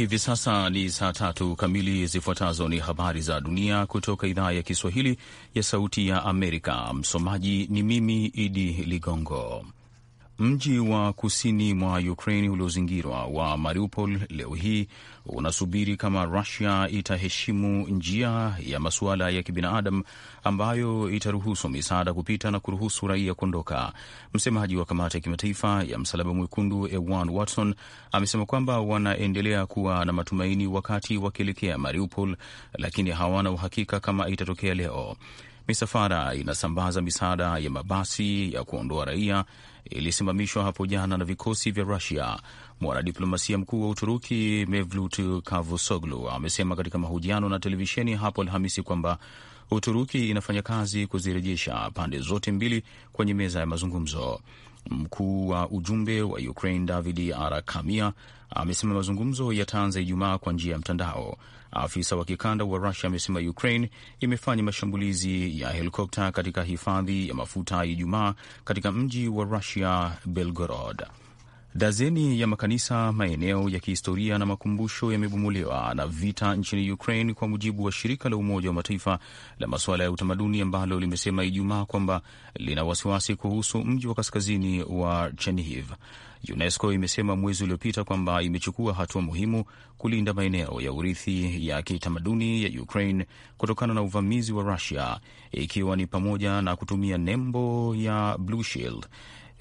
hivi sasa ni saa tatu kamili. Zifuatazo ni habari za dunia kutoka idhaa ya Kiswahili ya Sauti ya Amerika. Msomaji ni mimi Idi Ligongo. Mji wa kusini mwa Ukraine uliozingirwa wa Mariupol leo hii unasubiri kama Rusia itaheshimu njia ya masuala ya kibinadamu ambayo itaruhusu misaada kupita na kuruhusu raia kuondoka. Msemaji wa kamati ya kimataifa ya Msalaba Mwekundu Ewan Watson amesema kwamba wanaendelea kuwa na matumaini wakati wakielekea Mariupol, lakini hawana uhakika kama itatokea leo. Misafara inasambaza misaada ya mabasi ya kuondoa raia ilisimamishwa hapo jana na vikosi vya Rusia. Mwanadiplomasia mkuu wa Uturuki Mevlut Cavusoglu amesema katika mahojiano na televisheni hapo Alhamisi kwamba Uturuki inafanya kazi kuzirejesha pande zote mbili kwenye meza ya mazungumzo. Mkuu wa ujumbe wa Ukraine David Arakamia amesema mazungumzo yataanza Ijumaa kwa njia ya mtandao. Afisa wa kikanda wa Rusia amesema Ukraine imefanya mashambulizi ya helikopta katika hifadhi ya mafuta Ijumaa katika mji wa Rusia Belgorod. Dazeni ya makanisa, maeneo ya kihistoria na makumbusho yamebomolewa na vita nchini Ukraine, kwa mujibu wa shirika la Umoja wa Mataifa la masuala ya utamaduni ambalo limesema Ijumaa kwamba lina wasiwasi kuhusu mji wa kaskazini wa Chernihiv. UNESCO imesema mwezi uliopita kwamba imechukua hatua muhimu kulinda maeneo ya urithi ya kitamaduni ya Ukraine kutokana na uvamizi wa Rusia, ikiwa ni pamoja na kutumia nembo ya Blue Shield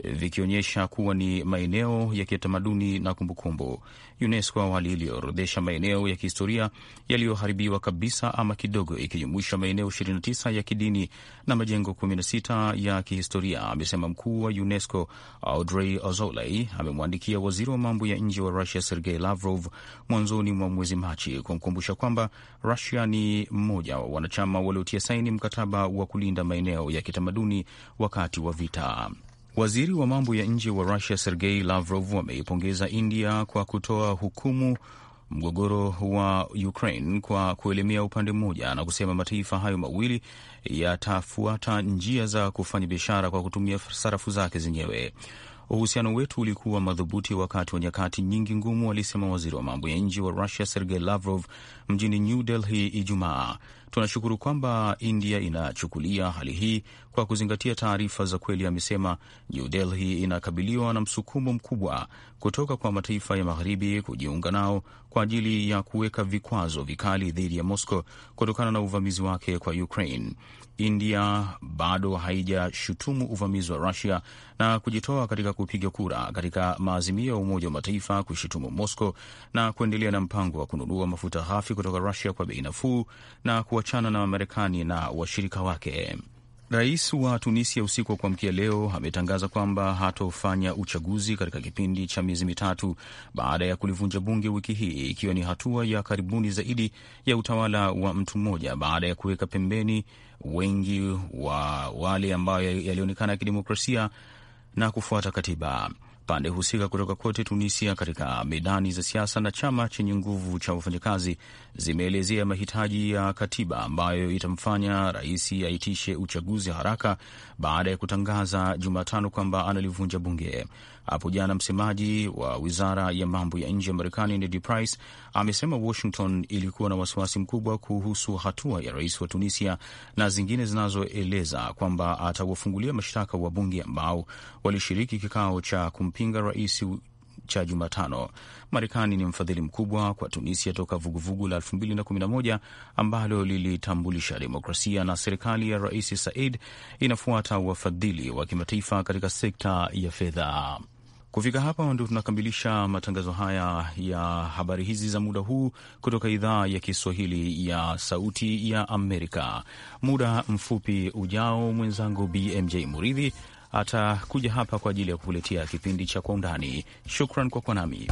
Eh, vikionyesha kuwa ni maeneo ya kitamaduni na kumbukumbu. UNESCO awali iliyoorodhesha maeneo ya kihistoria yaliyoharibiwa kabisa ama kidogo, ikijumuisha maeneo 29 ya kidini na majengo 16 ya kihistoria, amesema mkuu wa UNESCO Audrey Azoulay amemwandikia waziri wa mambo ya nje wa Russia Sergei Lavrov mwanzoni mwa mwezi Machi kumkumbusha kwamba Rusia ni mmoja wa wanachama waliotia saini mkataba wa kulinda maeneo ya kitamaduni wakati wa vita. Waziri wa mambo ya nje wa Rusia Sergei Lavrov ameipongeza India kwa kutoa hukumu mgogoro wa Ukraine kwa kuelemea upande mmoja na kusema mataifa hayo mawili yatafuata njia za kufanya biashara kwa kutumia sarafu zake zenyewe. Uhusiano wetu ulikuwa madhubuti wakati wa nyakati nyingi ngumu, alisema waziri wa mambo ya nje wa Rusia Sergei Lavrov mjini New Delhi Ijumaa. Tunashukuru kwamba India inachukulia hali hii kwa kuzingatia taarifa za kweli, amesema. New Delhi inakabiliwa na msukumo mkubwa kutoka kwa mataifa ya magharibi kujiunga nao kwa ajili ya kuweka vikwazo vikali dhidi ya Moscow kutokana na uvamizi wake kwa Ukraine. India bado haijashutumu uvamizi wa Rusia na kujitoa katika kupiga kura katika maazimio ya Umoja wa Mataifa kushutumu Moscow na kuendelea na mpango wa kununua mafuta ghafi kutoka Rusia kwa bei nafuu na kuachana na Marekani na washirika wake. Rais wa Tunisia usiku wa kuamkia leo ametangaza kwamba hatofanya uchaguzi katika kipindi cha miezi mitatu baada ya kulivunja bunge wiki hii, ikiwa ni hatua ya karibuni zaidi ya utawala wa mtu mmoja baada ya kuweka pembeni wengi wa wale ambayo yalionekana ya kidemokrasia na kufuata katiba pande husika kutoka kote Tunisia katika medani za siasa na chama chenye nguvu cha wafanyakazi zimeelezea mahitaji ya katiba ambayo itamfanya rais aitishe uchaguzi haraka baada ya kutangaza Jumatano kwamba analivunja bunge. Hapo jana msemaji wa wizara ya mambo ya nje ya Marekani Ned Price amesema Washington ilikuwa na wasiwasi mkubwa kuhusu hatua ya rais wa Tunisia na zingine zinazoeleza kwamba atawafungulia mashtaka wabunge ambao walishiriki kikao cha kumpinga rais cha Jumatano. Marekani ni mfadhili mkubwa kwa Tunisia toka vuguvugu la 2011 ambalo lilitambulisha demokrasia na serikali ya Rais Said inafuata wafadhili wa kimataifa katika sekta ya fedha. Kufika hapa ndio tunakamilisha matangazo haya ya habari hizi za muda huu kutoka idhaa ya Kiswahili ya Sauti ya Amerika. Muda mfupi ujao, mwenzangu BMJ Muridhi atakuja hapa kwa ajili ya kukuletea kipindi cha Kwa Undani. Shukran kwa kuwa nami.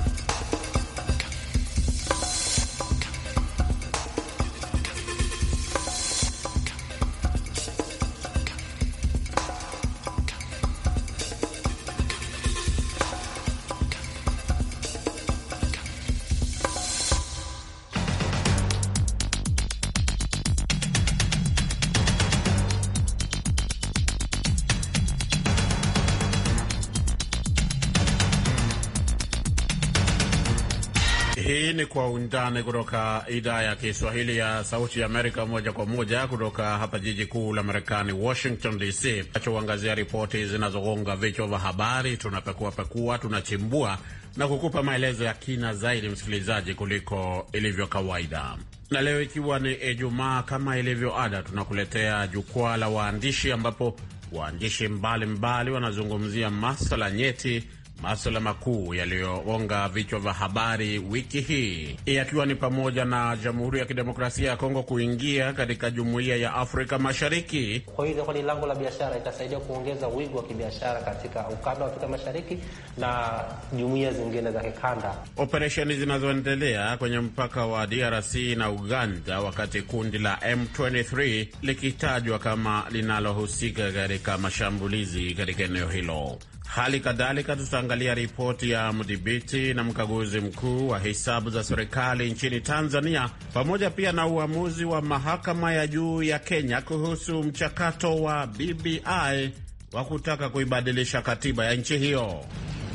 Undani kutoka idhaa ya Kiswahili ya Sauti ya Amerika, moja kwa moja kutoka hapa jiji kuu la Marekani, Washington DC, tunachoangazia ripoti zinazogonga vichwa vya habari. Tunapekuapekua, tunachimbua na kukupa maelezo ya kina zaidi, msikilizaji, kuliko ilivyo kawaida. Na leo ikiwa ni Ijumaa, kama ilivyo ada, tunakuletea jukwaa la waandishi, ambapo waandishi mbalimbali mbali wanazungumzia masala nyeti maswala makuu yaliyoonga vichwa vya habari wiki hii yakiwa ni pamoja na Jamhuri ya Kidemokrasia ya Kongo kuingia katika Jumuiya ya Afrika Mashariki. Kwa hiyo itakuwa ni lango la biashara, itasaidia kuongeza wigo wa kibiashara katika ukanda wa Afrika Mashariki na jumuiya zingine za kikanda. Operesheni zinazoendelea kwenye mpaka wa DRC na Uganda, wakati kundi la M23 likitajwa kama linalohusika katika mashambulizi katika eneo hilo. Hali kadhalika tutaangalia ripoti ya mdhibiti na mkaguzi mkuu wa hesabu za serikali nchini Tanzania, pamoja pia na uamuzi wa mahakama ya juu ya Kenya kuhusu mchakato wa BBI wa kutaka kuibadilisha katiba ya nchi hiyo.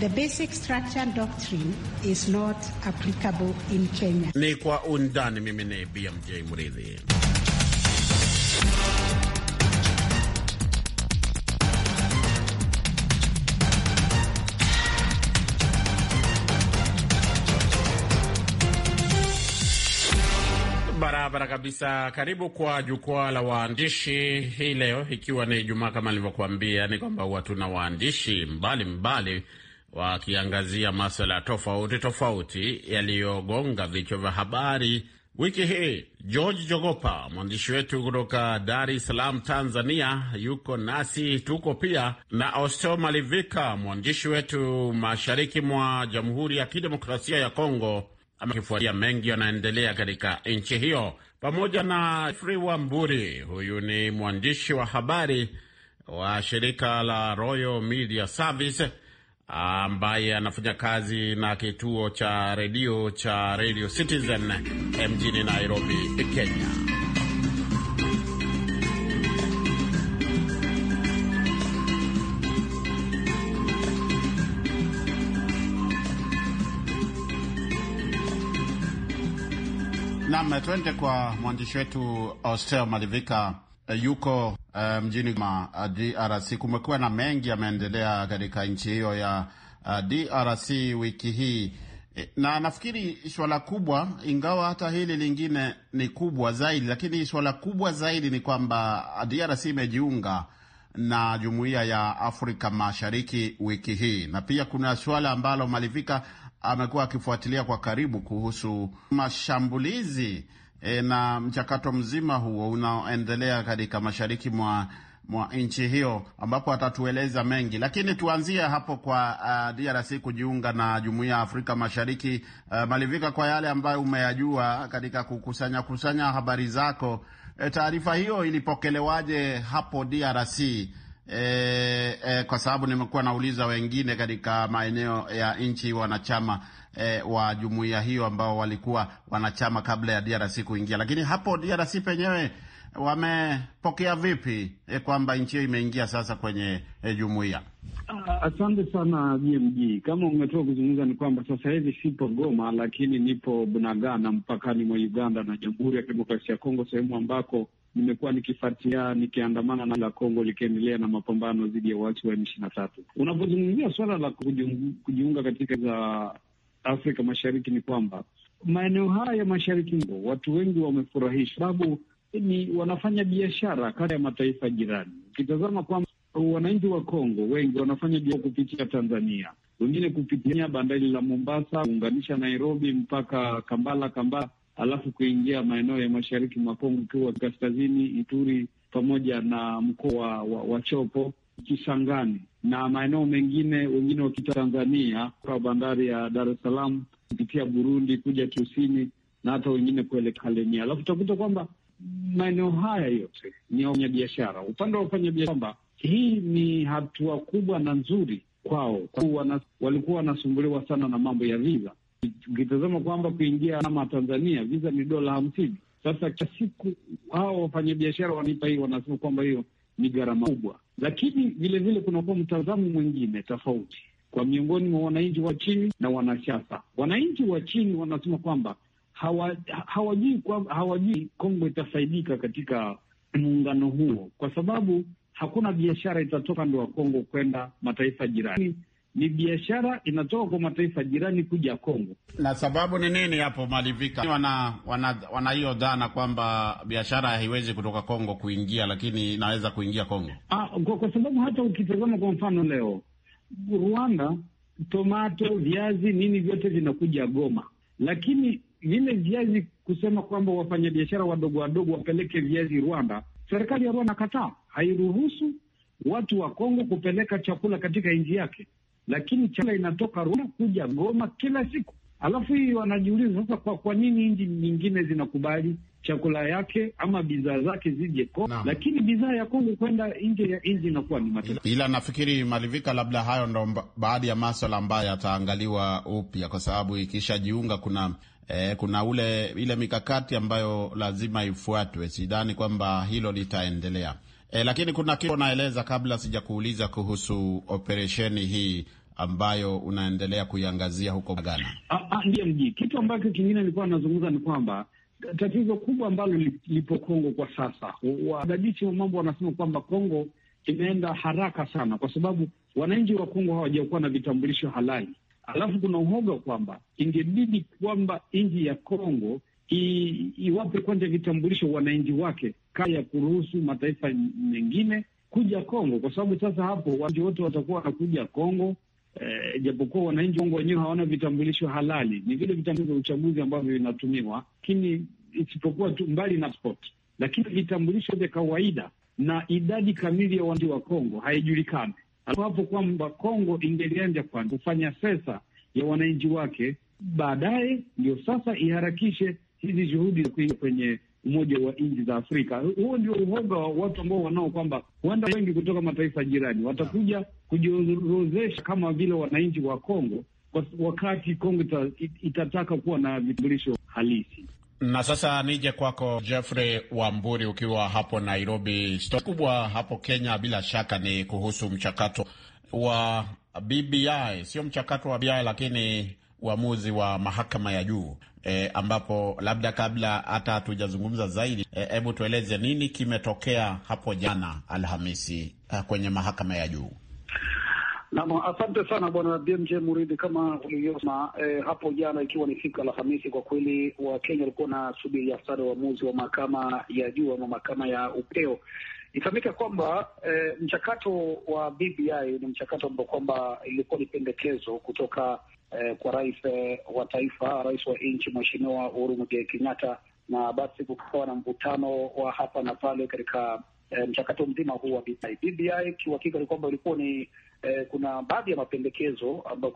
The basic structure doctrine is not applicable in Kenya. Ni kwa undani. Mimi ni BMJ Mridhi. Barabara kabisa. Karibu kwa jukwaa la waandishi hii leo, ikiwa ni Ijumaa kama nilivyokuambia, ni kwamba huwa tuna waandishi mbalimbali wakiangazia maswala tofauti tofauti yaliyogonga vichwa vya habari wiki hii. George Jogopa, mwandishi wetu kutoka Dar es Salaam, Tanzania, yuko nasi. Tuko pia na Austel Malivika, mwandishi wetu mashariki mwa Jamhuri ya Kidemokrasia ya Kongo amekifuatia mengi yanaendelea katika nchi hiyo, pamoja na Free Wamburi. Huyu ni mwandishi wa habari wa shirika la Royal Media Service ambaye anafanya kazi na kituo cha redio cha Radio Citizen mjini Nairobi, Kenya. Nam, twende kwa mwandishi wetu Austel Malivika eh, yuko uh, mjini ma uh, eh, DRC. Kumekuwa na mengi yameendelea katika nchi hiyo ya uh, DRC wiki hii na nafikiri swala kubwa, ingawa hata hili lingine ni kubwa zaidi, lakini swala kubwa zaidi ni kwamba DRC imejiunga na jumuiya ya Afrika Mashariki wiki hii, na pia kuna swala ambalo Malivika amekuwa akifuatilia kwa karibu kuhusu mashambulizi e, na mchakato mzima huo unaoendelea katika mashariki mwa mwa nchi hiyo ambapo atatueleza mengi, lakini tuanzie hapo kwa uh, DRC kujiunga na jumuiya ya Afrika Mashariki. Uh, Malivika, kwa yale ambayo umeyajua katika kukusanya kusanya habari zako, e, taarifa hiyo ilipokelewaje hapo DRC eh, eh, kwa sababu nimekuwa nauliza wengine katika maeneo ya nchi wanachama eh, wa jumuiya hiyo ambao walikuwa wanachama kabla ya DRC kuingia, lakini hapo DRC penyewe wamepokea vipi eh, kwamba nchi hiyo imeingia sasa kwenye eh, jumuiya? Ah, asante sana BMG. Kama umetoka kuzungumza, ni kwamba sasa hivi sipo Goma, lakini nipo Bunagana, mpakani mwa Uganda na Jamhuri ya Kidemokrasia ya Kongo, sehemu ambako nimekuwa nikifatia nikiandamana na la Kongo likiendelea na mapambano dhidi ya watu wa M ishirini na tatu. Unapozungumzia suala la kujiunga katika za Afrika Mashariki ni kwamba maeneo haya ya mashariki ngo watu wengi wamefurahi, sababu ni wanafanya biashara kati ya mataifa jirani. Ukitazama kwamba wananchi wa Kongo wengi wanafanya biashara kupitia Tanzania, wengine kupitia bandari la Mombasa kuunganisha Nairobi mpaka Kambala, Kambala alafu kuingia maeneo ya mashariki mwa Kongo, ikiwa kaskazini Ituri pamoja na mkoa wa, wa, wa Chopo Kisangani na maeneo mengine, wengine wakita Tanzania kwa bandari ya Dar es Salaam kupitia Burundi kuja kusini na hata wengine kuelekea Kalenia. Alafu utakuta kwamba maeneo haya yote ni wafanyabiashara, upande wa wafanyabiashara kwamba hii ni hatua kubwa na nzuri kwao, kwa walikuwa wanasumbuliwa sana na mambo ya viza Ukitazama kwamba kuingia ama Tanzania visa ni dola hamsini. Sasa kila siku hao wafanyabiashara wanipa hii, wanasema kwamba hiyo ni gharama kubwa, lakini vilevile kunakuwa mtazamo mwingine tofauti kwa miongoni mwa wananchi wa chini na wanasiasa. Wananchi wa chini wanasema kwamba hawajui kwa, hawajui Kongo itafaidika katika muungano huo, kwa sababu hakuna biashara itatoka ndo wa Kongo kwenda mataifa jirani ni biashara inatoka kwa mataifa jirani kuja Kongo. Na sababu ni nini hapo malivika? Wana wana, wana hiyo dhana kwamba biashara haiwezi kutoka Kongo kuingia, lakini inaweza kuingia Kongo. Ah, kwa, kwa sababu hata ukitazama kwa mfano leo Rwanda, tomato, viazi, nini vyote vinakuja Goma, lakini vile viazi kusema kwamba wafanyabiashara wadogo wadogo wapeleke viazi Rwanda, serikali ya Rwanda kataa, hairuhusu watu wa Kongo kupeleka chakula katika nchi yake lakini chakula inatoka Rwanda kuja Goma kila siku. Alafu hii wanajiuliza sasa, kwa kwa nini nchi nyingine zinakubali chakula yake ama bidhaa zake zije Kongo, lakini bidhaa ya Kongo kwenda nje ya nchi inakuwa ni matatizo. Ila nafikiri Malivika, labda hayo ndo baadhi ya maswala ambayo yataangaliwa upya, kwa sababu ikishajiunga kuna eh, kuna ule ile mikakati ambayo lazima ifuatwe. Sidhani kwamba hilo litaendelea. E, lakini kuna kitu naeleza kabla sijakuuliza kuhusu operesheni hii ambayo unaendelea kuiangazia huko Ghana. Ah, ah, Ndiye mji, kitu ambacho kingine nilikuwa nazungumza ni kwamba eh, tatizo kubwa ambalo lipo Kongo kwa sasa, wadadisi wa mambo wanasema kwamba Kongo imeenda haraka sana, kwa sababu wananchi wa Kongo hawajakuwa na vitambulisho halali, alafu kuna uhoga kwamba ingebidi kwamba nchi ya Kongo iwape kwanza vitambulisho wananchi wake kabla ya kuruhusu mataifa mengine kuja Kongo, kwa sababu sasa hapo wananchi wote watakuwa wanakuja Kongo. E, japokuwa wananchi Kongo wenyewe hawana vitambulisho halali, ni vile vitambulisho vya uchaguzi ambavyo vinatumiwa, lakini isipokuwa tu mbali na spot, lakini vitambulisho vya kawaida na idadi kamili ya wananchi wa Kongo haijulikani. Hapo kwamba Kongo ingelianja kufanya sensa ya wananchi wake baadaye, ndio sasa iharakishe hizi juhudi za kuingia kwenye Umoja wa Nchi za Afrika. Huo ndio uhoga wa watu ambao wanao kwamba huenda wengi kutoka mataifa jirani watakuja kujiorozesha kama vile wananchi wa Kongo, wakati Kongo itataka kuwa na vitambulisho halisi. Na sasa nije kwako Jeffrey Wamburi, ukiwa hapo Nairobi. Stori kubwa hapo Kenya bila shaka ni kuhusu mchakato wa BBI, sio mchakato wa BBI lakini uamuzi wa mahakama ya juu e, ambapo labda kabla hata hatujazungumza zaidi, e, hebu e, tueleze nini kimetokea hapo jana Alhamisi e, kwenye mahakama ya juu. Naam, asante sana bwana BMJ Muridhi. Kama ulivyosema e, hapo jana ikiwa ni siku Alhamisi, kwa kweli Wakenya walikuwa na subiri sana uamuzi wa mahakama ya juu ama mahakama ya upeo. Ifahamike kwamba e, mchakato wa BBI ni mchakato ambao kwamba ilikuwa ni pendekezo kutoka eh, kwa rais eh, wa taifa, rais wa nchi Mheshimiwa Uhuru Muigai Kenyatta, na basi kukawa na mvutano wa hapa na pale katika eh, mchakato mzima huu wa BBI. BBI kiuhakika ni kwamba ilikuwa ni eh, kuna baadhi ya mapendekezo ambayo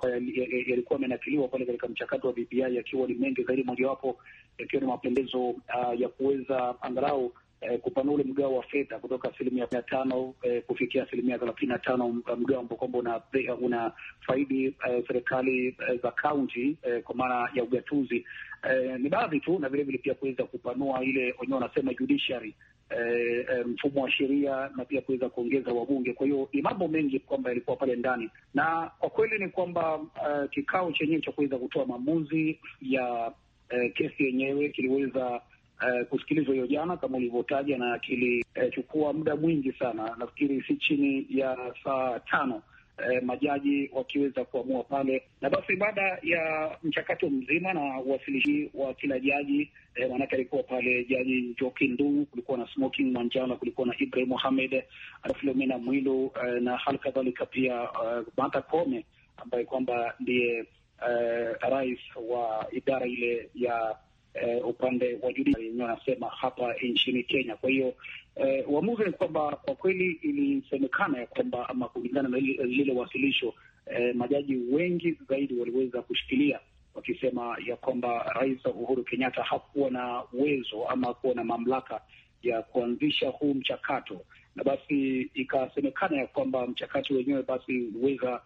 yalikuwa yamenakiliwa pale katika mchakato wa BBI yakiwa ni mengi zaidi, mojawapo yakiwa ni mapendezo uh, ah, ya kuweza angalau eh, kupanua ule mgao wa fedha kutoka asilimia mia tano eh, kufikia asilimia thelathini na tano mgao ambao kwamba una, una faidi eh, serikali eh, za kaunti eh, kwa maana ya ugatuzi eh, ni baadhi tu, na vilevile pia kuweza kupanua ile wenyewe wanasema judiciary eh, eh, mfumo wa sheria na pia kuweza kuongeza wabunge. Kwa hiyo ni mambo mengi kwamba yalikuwa pale ndani, na kwa kweli ni kwamba uh, kikao chenyewe cha kuweza kutoa maamuzi ya uh, kesi yenyewe kiliweza eh, kusikilizwa hiyo jana kama ulivyotaja, na kilichukua eh, muda mwingi sana, nafikiri si chini ya saa tano uh, majaji wakiweza kuamua pale, na basi baada ya mchakato mzima na uwasilishi wa kila jaji uh, maanake alikuwa pale jaji Njoki Ndung'u, kulikuwa na Smoking Mwanjala, kulikuwa na Ibrahim Mohamed, eh, Filomena Mwilu uh, na hali kadhalika pia uh, Martha Koome ambaye kwamba ndiye uh, rais wa idara ile ya eh, upande wa judishi wenyewe wanasema hapa nchini Kenya. Kwa hiyo eh, uamuzi ni kwamba kwa kweli ilisemekana ya kwamba ama kulingana na lile wasilisho eh, majaji wengi zaidi waliweza kushikilia wakisema ya kwamba Rais Uhuru Kenyatta hakuwa na uwezo ama hakuwa na mamlaka ya kuanzisha huu mchakato, na basi ikasemekana ya kwamba mchakato wenyewe basi uliweza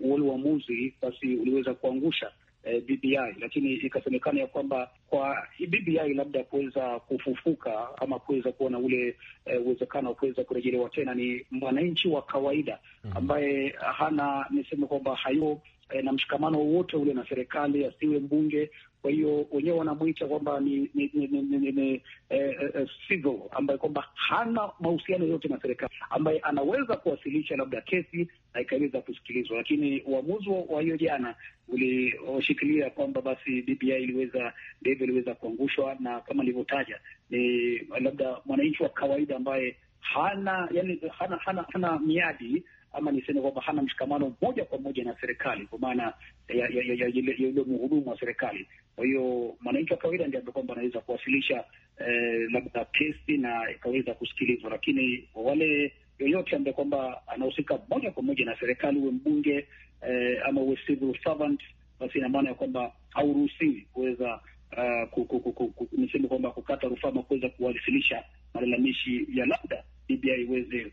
ule eh, uamuzi basi uliweza kuangusha eh, BBI, lakini ikasemekana ya kwamba kwa BBI labda kuweza kufufuka ama kuweza kuona ule eh, uwezekano eh, wa kuweza kurejelewa tena ni mwananchi wa kawaida mm-hmm. ambaye hana niseme kwamba hayo eh, na mshikamano wowote ule na serikali, asiwe mbunge kwa hiyo wenyewe wanamwita kwamba ni ni, ni, ni, ni, ni eh, eh, civil ambaye kwamba hana mahusiano yote na serikali, ambaye anaweza kuwasilisha labda kesi na ikaweza kusikilizwa, lakini uamuzi wa hiyo jana ulishikilia kwamba basi BBI iliweza ndivyo iliweza kuangushwa, na kama nilivyotaja ni labda mwananchi wa kawaida ambaye hana yani, hana, hana, hana miadi ama niseme kwamba hana mshikamano moja kwa moja na serikali kwa maana ya yule mhudumu wa serikali. Kwa hiyo mwananchi wa kawaida ndiye kwamba anaweza kuwasilisha eh, labda kesi na ikaweza kusikilizwa, lakini wale yoyote ambaye kwamba anahusika moja kwa moja na serikali, uwe mbunge eh, ama uwe civil servant, basi ina maana ya kwamba hauruhusiwi kuweza uh, niseme kwamba kukata rufaa ama kuweza kuwasilisha malalamishi ya labda BBI iweze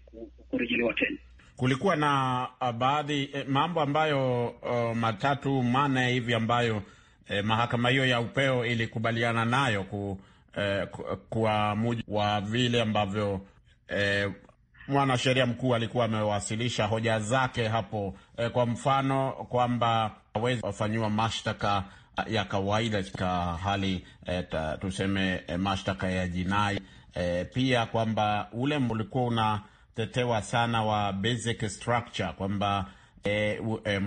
kurejelewa tena kulikuwa na uh, baadhi eh, mambo ambayo uh, matatu mane hivi ambayo eh, mahakama hiyo ya upeo ilikubaliana nayo ku, eh, kwa mujibu wa vile ambavyo eh, mwanasheria mkuu alikuwa amewasilisha hoja zake hapo eh, kwa mfano kwamba awezi wafanyiwa mashtaka ya kawaida katika hali eh, ta, tuseme eh, mashtaka ya jinai eh, pia kwamba ule ulikuwa una tetewa sana wa basic structure kwamba e, e,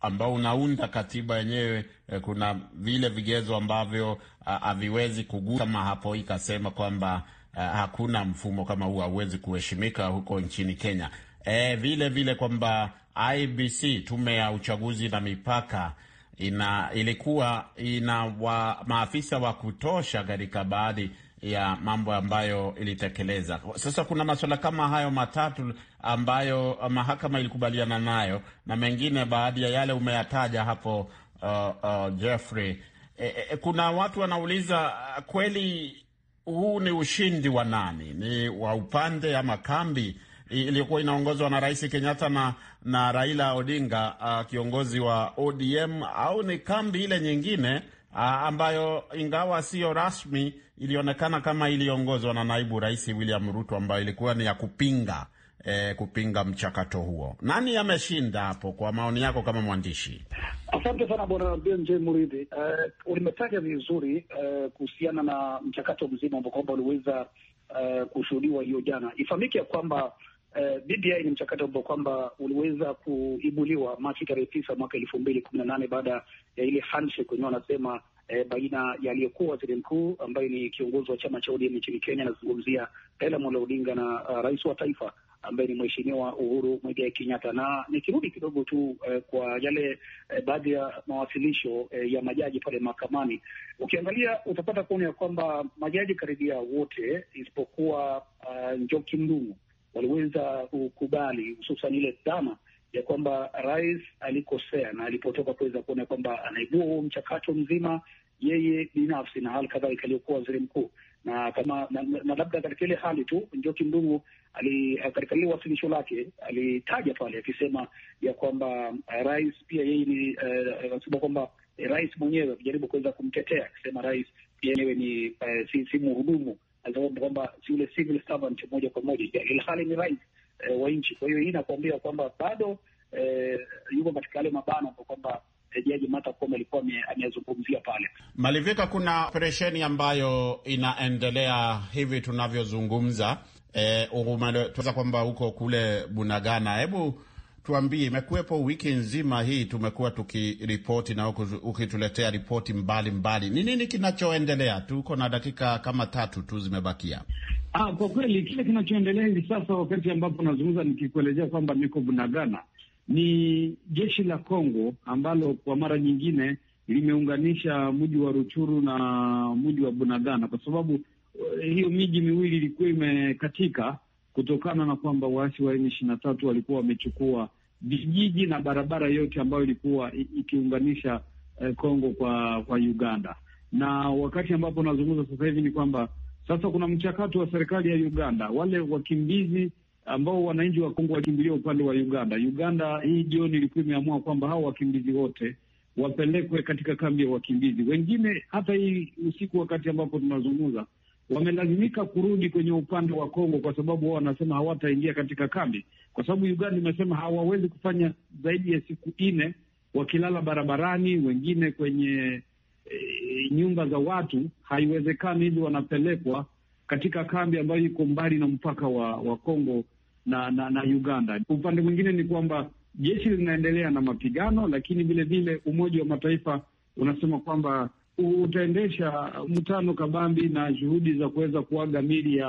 ambao unaunda katiba yenyewe e, kuna vile vigezo ambavyo ah, haviwezi kugusa kama hapo ikasema kwamba ah, hakuna mfumo kama huu hauwezi kuheshimika huko nchini Kenya. E, vile vile kwamba IBC tume ya uchaguzi na mipaka ina, ilikuwa ina wa, maafisa wa kutosha katika baadhi ya mambo ambayo ilitekeleza. Sasa kuna masuala kama hayo matatu ambayo uh, mahakama ilikubaliana nayo na mengine baadhi ya yale umeyataja hapo, uh, uh, Jeffrey. E, e, e kuna watu wanauliza uh, kweli, huu ni ushindi wa nani? Ni wa upande ama kambi iliyokuwa inaongozwa na Rais Kenyatta na, na Raila Odinga uh, kiongozi wa ODM au ni kambi ile nyingine ambayo ingawa siyo rasmi ilionekana kama iliongozwa na naibu rais William Ruto, ambayo ilikuwa ni ya kupinga e, kupinga mchakato huo. Nani ameshinda hapo kwa maoni yako kama mwandishi? Asante sana bwana BMJ Muridhi. Uh, e, ulimetaja vizuri uh, kuhusiana na mchakato mzima ambao kwamba uliweza uh, kushuhudiwa hiyo jana. Ifahamike ya kwamba Uh, eh, BBI ni mchakato ambao kwamba uliweza kuibuliwa Machi tarehe tisa mwaka elfu mbili kumi na nane baada ya ile handshake wenyewe wanasema eh, baina ya aliyekuwa waziri mkuu ambaye ni kiongozi wa chama cha ODM nchini Kenya, anazungumzia Raila Amolo Odinga na uh, rais wa taifa ambaye ni mheshimiwa Uhuru Mwigai Kenyatta. Na nikirudi kidogo tu eh, kwa yale eh, baadhi ya mawasilisho eh, ya majaji pale mahakamani, ukiangalia utapata kuona ya kwamba majaji karibia wote isipokuwa uh, Njoki Ndung'u waliweza kukubali, hususan ile dhama ya kwamba rais alikosea na alipotoka kuweza kuona kwamba anaibua huo mchakato mzima yeye binafsi na hali kadhalika aliyokuwa waziri mkuu na kama na, na labda katika ile hali tu Njoki Ndung'u katika lile wasilisho lake alitaja pale akisema ya kwamba eh, rais pia yeye ni eh, anasema uh, kwamba eh, rais mwenyewe akijaribu kuweza kumtetea akisema rais pia yeye ni uh, si, si mhudumu aliomba kwamba si ule civil servant moja kwa moja, ilhali ni rais eh, wa nchi. Kwa hiyo hii inakuambia kwamba bado eh, yuko katika yale mabano kwa kwamba eh, Jaji Martha Koome alikuwa ameyazungumzia pale. Malivika, kuna operesheni ambayo inaendelea hivi tunavyozungumza, eh, tunaweza kwamba huko kule Bunagana, hebu tuambie, imekuwepo wiki nzima hii, tumekuwa tukiripoti na ukituletea ripoti mbalimbali. Ni nini kinachoendelea? Tuko na dakika kama tatu tu zimebakia. Ah, kwa kweli kile kinachoendelea hivi sasa, wakati ambapo nazungumza nikikuelezea kwamba niko Bunagana, ni jeshi la Kongo ambalo kwa mara nyingine limeunganisha mji wa Ruchuru na mji wa Bunagana, kwa sababu eh, hiyo miji miwili ilikuwa imekatika kutokana na kwamba waasi wa M ishirini na tatu walikuwa wamechukua vijiji na barabara yote ambayo ilikuwa ikiunganisha eh, Kongo kwa kwa Uganda. Na wakati ambapo nazungumza sasa hivi ni kwamba sasa kuna mchakato wa serikali ya Uganda, wale wakimbizi ambao wananchi wa Kongo wakimbilia upande wa Uganda. Uganda hii jioni ilikuwa imeamua kwamba hao wakimbizi wote wapelekwe katika kambi ya wakimbizi. Wengine hata hii usiku, wakati ambapo tunazungumza, wamelazimika kurudi kwenye upande wa Kongo kwa sababu wao wanasema hawataingia katika kambi, kwa sababu Uganda imesema hawawezi kufanya zaidi ya siku nne wakilala barabarani, wengine kwenye e, nyumba za watu. Haiwezekani, hivi wanapelekwa katika kambi ambayo iko mbali na mpaka wa, wa Kongo na, na, na Uganda. Upande mwingine ni kwamba jeshi linaendelea na mapigano, lakini vilevile Umoja wa Mataifa unasema kwamba utaendesha mkutano kabambi na juhudi za kuweza kuaga mili ya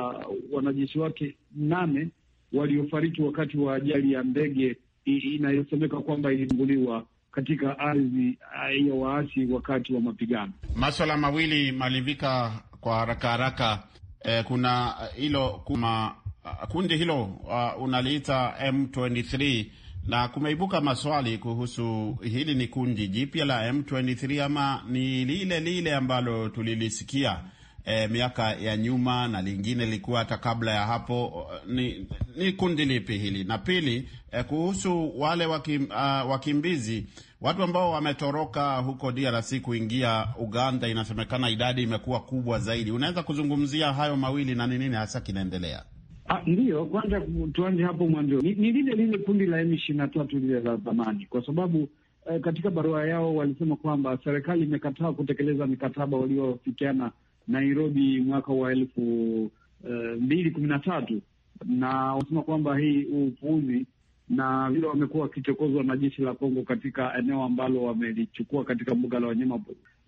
wanajeshi wake nane waliofariki wakati wa ajali ya ndege inayosemeka kwamba iligunduliwa katika ardhi ah, ya waasi wakati wa mapigano. Maswala mawili malivika kwa haraka haraka. Eh, kuna hilo kuma ah, kundi hilo uh, unaliita M23 na kumeibuka maswali kuhusu hili ni kundi jipya la M23 ama ni lile lile ambalo tulilisikia e, miaka ya nyuma na lingine lilikuwa hata kabla ya hapo. Ni, ni kundi lipi hili? Na pili e, kuhusu wale wakim, uh, ah, wakimbizi watu ambao wametoroka huko DRC kuingia Uganda, inasemekana idadi imekuwa kubwa zaidi. Unaweza kuzungumzia hayo mawili na ni nini hasa kinaendelea? Ah, Ndiyo, kwanza tuanze hapo mwanzo. Ni lile lile kundi la M ishirini na tatu lile la zamani, kwa sababu eh, katika barua yao walisema kwamba serikali imekataa kutekeleza mikataba waliofikiana Nairobi mwaka wa elfu eh, mbili kumi na tatu na wanasema kwamba hii upuuzi na vile wamekuwa wakichokozwa na jeshi la Kongo katika eneo ambalo wamelichukua katika mbuga la wanyama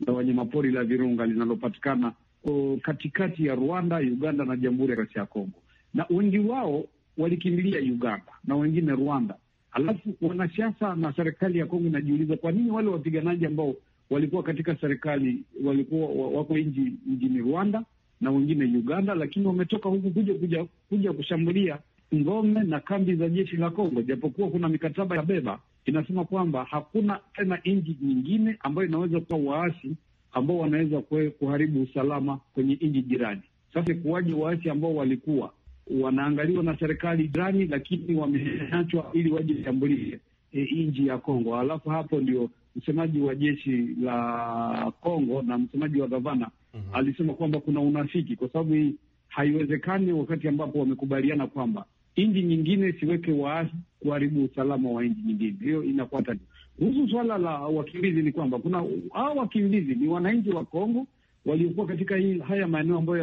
la wanyamapori la Virunga linalopatikana oh, katikati ya Rwanda, Uganda na Jamhuri ya ya Kongo na wengi wao walikimbilia Uganda na wengine Rwanda. Alafu wanasiasa na serikali ya Kongo inajiuliza kwa nini wale wapiganaji ambao walikuwa katika serikali walikuwa wako nji mjini Rwanda na wengine Uganda, lakini wametoka huku kuja kuja kuja kushambulia ngome na kambi za jeshi la Kongo, japokuwa kuna mikataba ya beba inasema kwamba hakuna tena nchi nyingine ambayo inaweza kuwa waasi ambao wanaweza kuharibu usalama kwenye nchi jirani. Sasa kuwaje waasi ambao walikuwa wanaangaliwa na serikali jirani, lakini wameachwa ili waje shambulie e, nchi ya Kongo. Alafu hapo ndio msemaji wa jeshi la Kongo na msemaji wa gavana mm -hmm. alisema kwamba kuna unafiki, kwa sababu hii haiwezekani wakati ambapo wamekubaliana kwamba nchi nyingine siweke waasi kuharibu usalama wa nchi nyingine. Hiyo inakuwa tatizo. Kuhusu swala la wakimbizi ni kwamba kuna hao wakimbizi ni wananchi wa Kongo waliokuwa katika hii, haya maeneo ambayo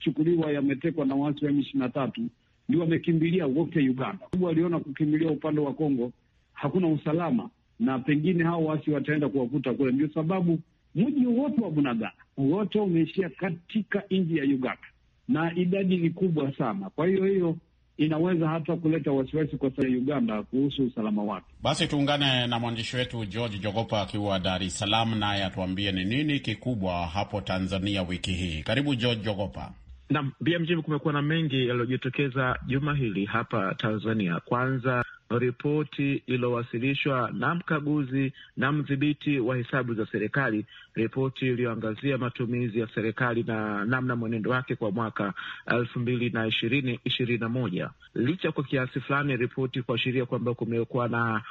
yaliyochukuliwa yametekwa na waasi wa m tatu ndio wamekimbilia wote Uganda. Waliona kukimbilia upande wa Kongo hakuna usalama, na pengine hao waasi wataenda kuwakuta kule. Ndio sababu mji wote wa Bunagana wote umeishia katika nchi ya Uganda, na idadi ni kubwa sana. Kwa hiyo hiyo inaweza hata kuleta wasiwasi kwa sa Uganda kuhusu usalama wake. Basi tuungane na mwandishi wetu George Jogopa akiwa Dar es Salaam, naye atuambie ni nini kikubwa hapo Tanzania wiki hii. Karibu George Jogopa. Naam, BMG, kumekuwa na mengi yaliyojitokeza juma hili hapa Tanzania. Kwanza ripoti iliyowasilishwa na mkaguzi na mdhibiti wa hesabu za serikali, ripoti iliyoangazia matumizi ya serikali na namna mwenendo wake kwa mwaka elfu mbili na ishirini ishirini na moja licha kwa kiasi fulani ripoti kuashiria kwamba kumekuwa na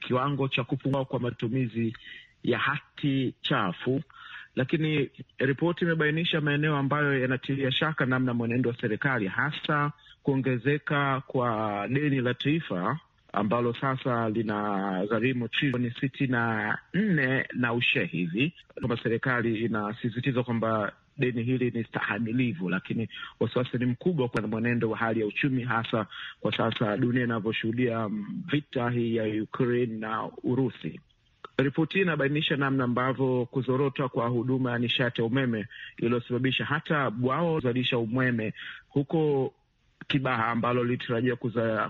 kiwango cha kupungua kwa matumizi ya hati chafu lakini ripoti imebainisha maeneo ambayo yanatilia shaka namna mwenendo wa serikali, hasa kuongezeka kwa deni la taifa ambalo sasa lina gharimu trilioni sitini na nne na ushe hivi, kwamba serikali inasisitiza kwamba deni hili ni stahamilivu, lakini wasiwasi ni mkubwa kwa mwenendo wa hali ya uchumi, hasa kwa sasa dunia inavyoshuhudia vita hii ya Ukraine na Urusi. Ripoti hii inabainisha namna ambavyo kuzorota kwa huduma ya nishati ya umeme iliyosababisha hata bwao uzalisha umeme huko Kibaha ambalo lilitarajiwa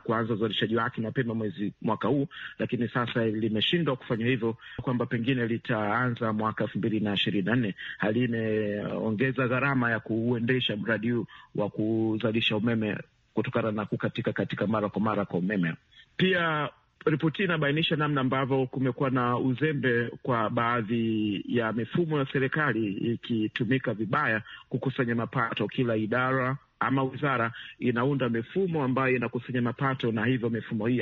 kuanza uzalishaji wake mapema mwezi mwaka huu, lakini sasa limeshindwa kufanya hivyo, kwamba pengine litaanza mwaka elfu mbili na ishirini na nne. Hali imeongeza gharama ya kuuendesha mradi huu wa kuzalisha umeme kutokana na kukatika katika mara kwa mara kwa umeme. Pia ripoti inabainisha namna ambavyo kumekuwa na uzembe kwa baadhi ya mifumo ya serikali ikitumika vibaya kukusanya mapato. Kila idara ama wizara inaunda mifumo ambayo inakusanya mapato, na hivyo mifumo hii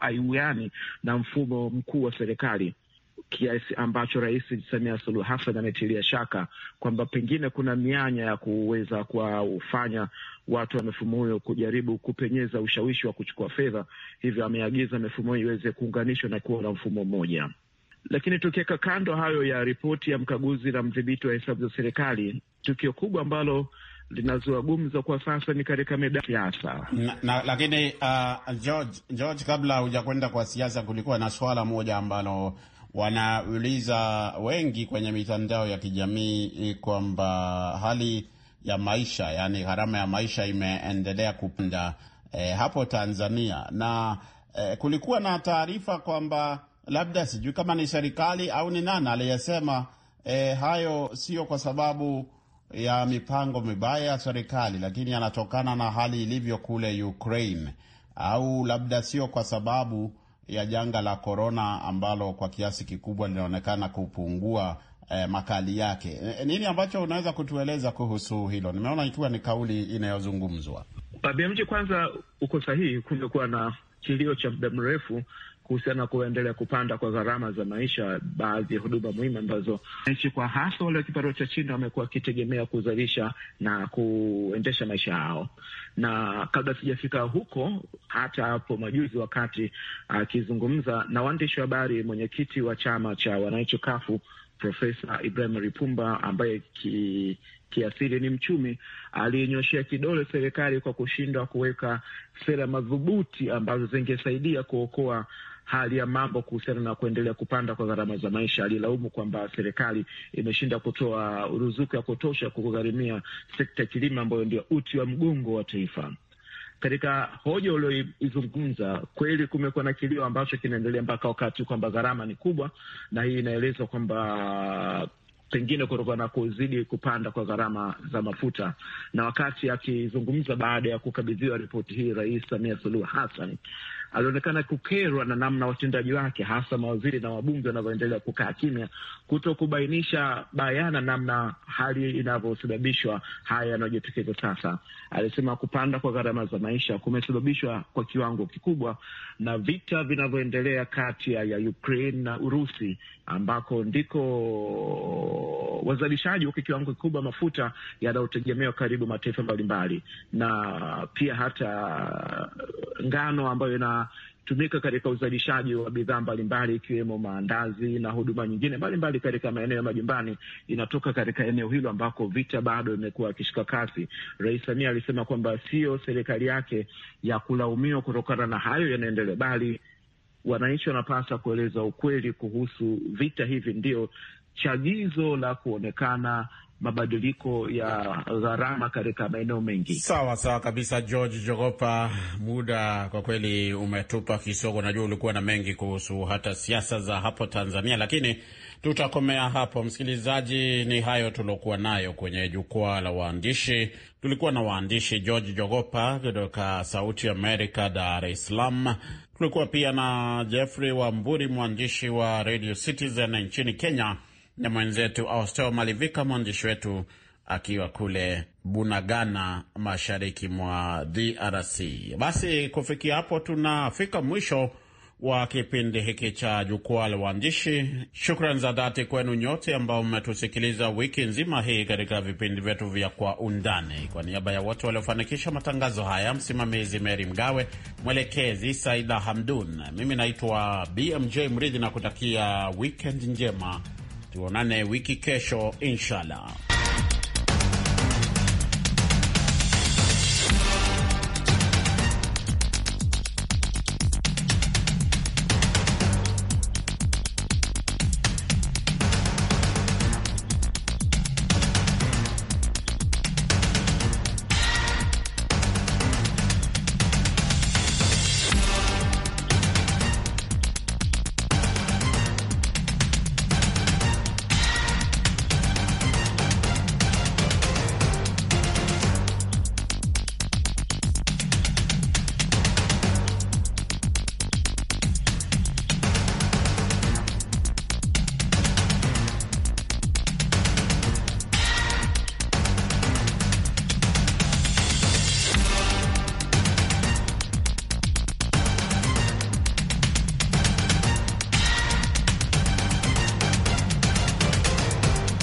haiwiani na mfumo mkuu wa serikali kiasi ambacho Rais Samia Suluhu Hassan ametilia shaka kwamba pengine kuna mianya ya kuweza kuwafanya watu wa mifumo huyo kujaribu kupenyeza ushawishi wa kuchukua fedha, hivyo ameagiza mifumo hiyo iweze kuunganishwa na kuwa na mfumo mmoja. Lakini tukiweka kando hayo ya ripoti ya mkaguzi na mdhibiti wa hesabu za serikali, tukio kubwa ambalo linazua gumzo kwa sasa ni katika meda siasa na, na, lakini uh, George, George, kabla hujakwenda kwa siasa, kulikuwa na swala moja ambalo wanauliza wengi kwenye mitandao ya kijamii kwamba hali ya maisha, yani gharama ya maisha imeendelea kupanda e, hapo Tanzania na e, kulikuwa na taarifa kwamba labda sijui kama ni serikali au ni nani aliyesema e, hayo sio kwa sababu ya mipango mibaya ya serikali, lakini yanatokana na hali ilivyo kule Ukraine, au labda sio kwa sababu ya janga la korona ambalo kwa kiasi kikubwa linaonekana kupungua eh, makali yake. Eh, nini ambacho unaweza kutueleza kuhusu hilo? Nimeona ikiwa ni kauli inayozungumzwa. Babi kwanza uko sahihi, kumekuwa na kilio cha muda mrefu kuhusiana na kuendelea kupanda kwa gharama za maisha, baadhi ya huduma muhimu ambazo wananchi kwa hasa wale wa kipato cha chini wamekuwa wakitegemea kuzalisha na kuendesha maisha yao. Na kabla sijafika huko, hata hapo majuzi, wakati akizungumza na waandishi wa habari, mwenyekiti wa chama cha wananchi kafu Profesa Ibrahim Lipumba ambaye ki kiasili ni mchumi aliyenyoshea kidole serikali kwa kushindwa kuweka sera madhubuti ambazo zingesaidia kuokoa hali ya mambo kuhusiana na kuendelea kupanda kwa gharama za maisha. Alilaumu kwamba serikali imeshinda kutoa ruzuku ya kutosha kugharimia sekta ya kilimo ambayo ndio uti wa mgongo wa taifa. Katika hoja ulioizungumza, kweli kumekuwa na kilio ambacho kinaendelea mpaka wakati kwamba gharama ni kubwa, na hii inaelezwa kwamba pengine kutokana na kuzidi kupanda kwa gharama za mafuta. Na wakati akizungumza baada ya kukabidhiwa ripoti hii, Rais Samia Suluhu Hassan alionekana kukerwa na namna watendaji wake hasa mawaziri na wabunge wanavyoendelea kukaa kimya, kuto kubainisha bayana namna hali inavyosababishwa haya yanayojitokeza sasa. Alisema kupanda kwa gharama za maisha kumesababishwa kwa kiwango kikubwa na vita vinavyoendelea kati ya Ukraine na Urusi, ambako ndiko wazalishaji wa kiwango kikubwa mafuta yanayotegemewa karibu mataifa mbalimbali, na pia hata ngano ambayo ina zinatumika katika uzalishaji wa bidhaa mbalimbali ikiwemo maandazi na huduma nyingine mbalimbali katika maeneo ya majumbani, inatoka katika eneo hilo ambako vita bado imekuwa akishika kasi. Rais Samia alisema kwamba sio serikali yake ya kulaumiwa kutokana na hayo yanaendelea, bali wananchi wanapasa kueleza ukweli kuhusu vita hivi, ndio chagizo la kuonekana mabadiliko ya gharama katika maeneo mengi. Sawa sawa kabisa, George Jogopa, muda kwa kweli umetupa kisogo. Najua ulikuwa na mengi kuhusu hata siasa za hapo Tanzania, lakini tutakomea hapo. Msikilizaji, ni hayo tuliokuwa nayo kwenye jukwaa la waandishi. Tulikuwa na waandishi George Jogopa kutoka Sauti Amerika, Dar es Salaam. Tulikuwa pia na Jeffrey Wamburi, mwandishi wa Radio Citizen nchini Kenya na mwenzetu Austel Malivika, mwandishi wetu akiwa kule Bunagana, mashariki mwa DRC. Basi kufikia hapo, tunafika mwisho wa kipindi hiki cha jukwaa la waandishi. Shukrani za dhati kwenu nyote ambao mmetusikiliza wiki nzima hii katika vipindi vyetu vya Kwa Undani. Kwa niaba ya wote waliofanikisha matangazo haya, msimamizi Meri Mgawe, mwelekezi Saida Hamdun, mimi naitwa BMJ Mridhi na kutakia wikend njema. Tuonane wiki kesho inshallah.